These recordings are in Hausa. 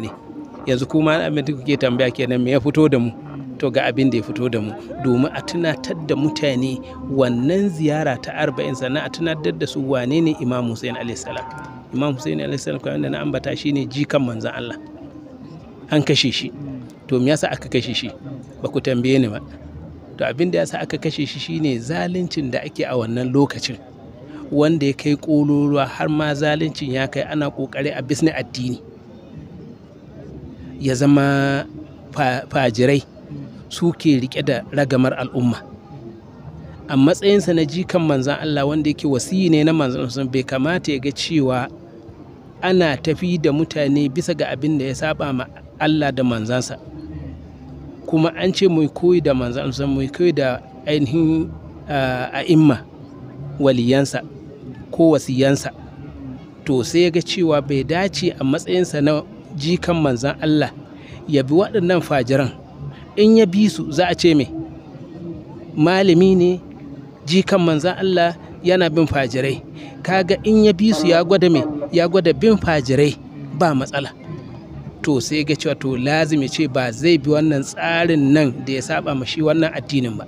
ne yanzu kuma abin da kuke tambaya kenan me ya fito da mu to ga abin da ya fito da mu domin a tunatar da mutane wannan ziyara ta arba'in sannan a tunatar da su wane ne imam hussein salam imam hussein salam kuma da na ambata shine jikan manzan allah an kashe shi to me yasa aka kashe shi ba ku tambaye ni ba to abin da yasa aka kashe shi shine zaluncin da ake a wannan lokacin wanda ya kai kololuwa har ma zaluncin ya kai ana ƙoƙari a bisni addini ya zama fajirai su ke rike da ragamar al'umma a matsayinsa na jikan manzan Allah wanda yake wasiyi ne na manzan sun bai kamata ya ga cewa ana tafi da mutane bisa ga abin da ya saba ma Allah da manzansa kuma an ce mai koyi da manzan sun mai koyi da ainihin imma waliyansa ko wasiyansa to sai ya ga cewa bai dace a matsayinsa na jikan manzan Allah ya bi waɗannan fajiran in ya bi su za a ce mai malami ne jikan manzan Allah yana bin fajirai kaga in ya bi su ya gwada mai ya gwada bin fajirai ba matsala to sai ga cewa to lazimi ce ba zai bi wannan tsarin nan da ya saba ma shi wannan addinin ba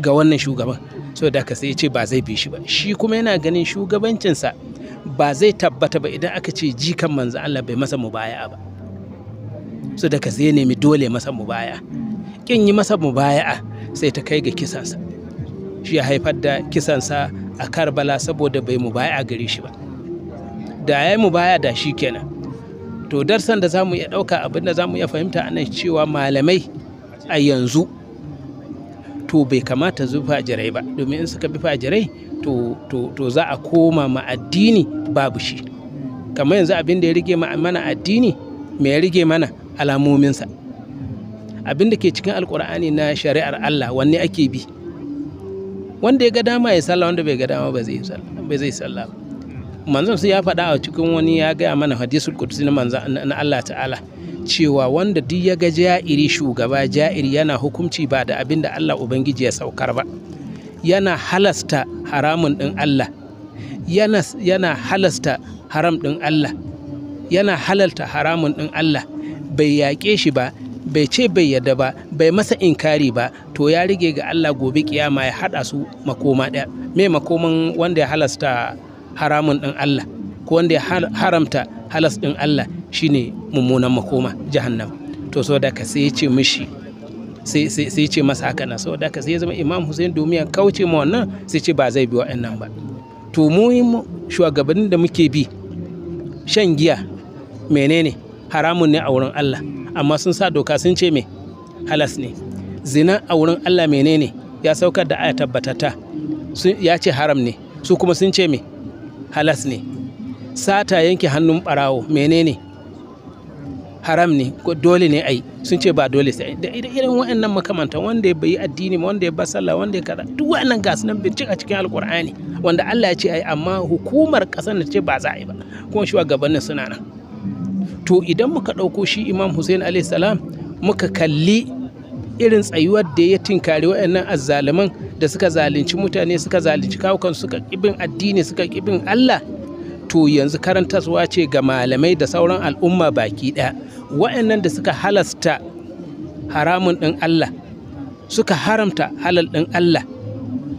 ga wannan shugaban so da ka sai ce ba zai bi shi ba shi kuma yana ganin shugabancinsa ba zai tabbata ba idan aka ce jikan manzo Allah bai masa mubaya ba su da ka zai nemi dole masa mubaya kin yi masa mubaya'a sai ta kai ga kisansa shi ya haifar da kisansa a karbala saboda bai mubaya gare shi ba da ya yi mubaya da shi kenan to darsan da za mu iya ɗauka abinda za mu iya fahimta a nan cewa malamai a yanzu to bai kamata su fajirai ba domin in suka bi fajirai to, to, za a koma ma addini babu shi kamar yanzu abin da ya rige mana addini me ya rige mana alamominsa abin da ke cikin alkur'ani na shari'ar Allah wanne ake bi wanda ya ga dama ya sallah wanda bai ga dama ba zai bai sallah manzon sai ya faɗa a cikin wani ya gaya mana hadisul qudsi na manzon na Allah ta'ala cewa wanda duk ya ga ja'iri shugaba ja'iri yana hukunci ba da abin da Allah Ubangiji ya saukar ba yana halasta haramun ɗin Allah yana, halasta haram ɗin Allah yana halalta haramun ɗin Allah bai yaƙe shi ba bai ce bai yadda ba bai masa inkari ba to ya rige ga Allah gobe kiyama ya haɗa su makoma ɗaya me makoman wanda ya halasta haramun ɗin Allah ko wanda ya haramta halas ɗin Allah shine mummunan makoma jahannam to so da ka sai ce mishi sai sai ce masa haka saboda ka sai zama Imam Hussein domin ya kauce ma wannan sai ce ba zai bi wa'annan ba to mu shugabannin da muke bi shan giya menene haramun ne a wurin Allah amma sun sa doka sun ce me halas ne zina a wurin Allah menene ya saukar da aya tabbatata ya ce haram ne su kuma sun ce me halas ne sata yanke hannun barawo menene haram ne dole ne ai sun ce ba dole sai da irin wa'annan makamanta wanda ya bayi addini wanda ya ba sallah wanda ya kada duk wa'annan gasu nan bincin a cikin alkur'ani wanda Allah ya ce ai amma hukumar kasar na ce ba za a yi ba kuma shugabannin suna nan to idan muka ɗauko shi Imam Hussein alayhi salam muka kalli irin tsayuwar da ya tinkari wa'annan azzaliman da suka zalunci mutane suka zalunci kawukan suka kibin addini suka kibin Allah to yanzu karantarwa ce ga malamai da sauran al'umma baki ɗaya wa'annan da suka halasta haramun ɗin Allah suka haramta halal ɗin Allah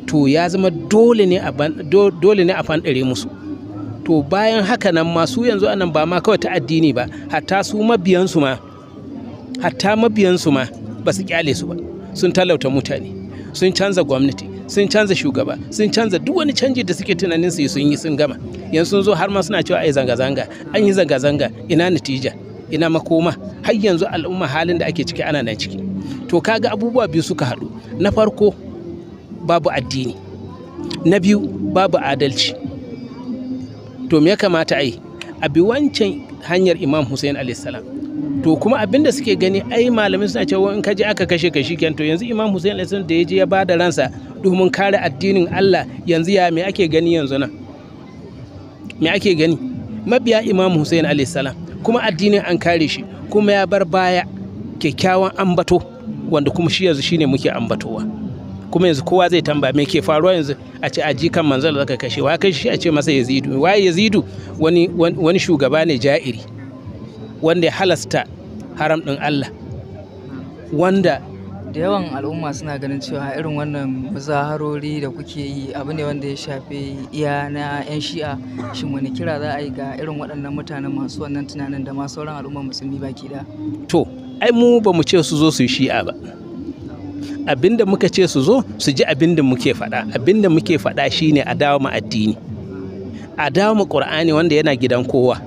to ya zama dole ne a fanɗare musu to bayan haka nan masu yanzu anan ba ma kawai ta addini ba hatta su mabiyansu ma hatta mabiyansu ma ba su kyale su ba sun talauta mutane sun canza gwamnati sun canza shugaba sun canza duk wani canji da suke tunanin su sun yi sun gama yanzu sun zo har ma suna cewa ai zanga-zanga an yi zanga-zanga ina natija ina makoma har yanzu al'umma halin da ake ciki ana nan ciki to kaga abubuwa biyu suka haɗu na farko babu addini na biyu babu adalci to me ya kamata a yi a bi wancan hanyar imam hussein salam to kuma abin da suke gani ai malamin suna cewa in ka je aka kashe ka shikenan to yanzu imam hussein alaihi da ya je ya bada ransa domin kare addinin Allah yanzu ya me ake gani yanzu nan me ake gani mabiya imam hussein alaihi salam kuma addinin an kare shi kuma ya bar baya kyakkyawan ambato wanda kuma shi yanzu shine muke ambatowa kuma yanzu kowa zai tamba me ke faruwa yanzu a ce aji kan manzala zaka kashe wa kashe shi a ce masa yazidu waye yazidu wani wani shugaba ne ja'iri wanda ya halasta haram ɗin Allah wanda da yawan al'umma suna ganin cewa irin wannan muzaharori da kuke yi abu ne wanda ya shafi iya na 'yan shi'a shin wani kira za a yi ga irin waɗannan mutanen masu wannan tunanin da ma sauran al'umma musulmi baki da to ai mu ba mu ce su zo su yi shi'a ba abinda muka ce su zo su ji abinda muke faɗa abinda muke faɗa shine a dawo mu addini a dawo mu qur'ani wanda yana gidan kowa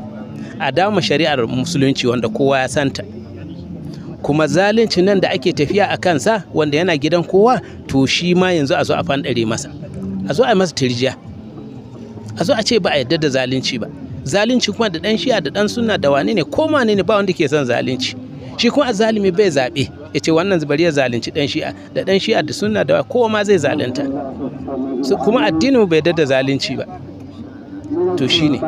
a dama shari'ar musulunci wanda kowa ya santa kuma zalunci nan da ake tafiya a kansa wanda yana gidan kowa to shi ma yanzu a zo a fanɗare masa a zo a masa tirjiya a zo a ce ba a yadda da zalunci ba zalunci kuma da dan shiya da ɗan sunna da wane ne ko ma ne ba wanda ke son zalunci shi kuma zalimi bai zaɓe ya ce wannan bari ya zalunci dan shi'a da dan shi'a da sunna da kowa ma zai zalunta kuma addinin bai da zalunci ba to shine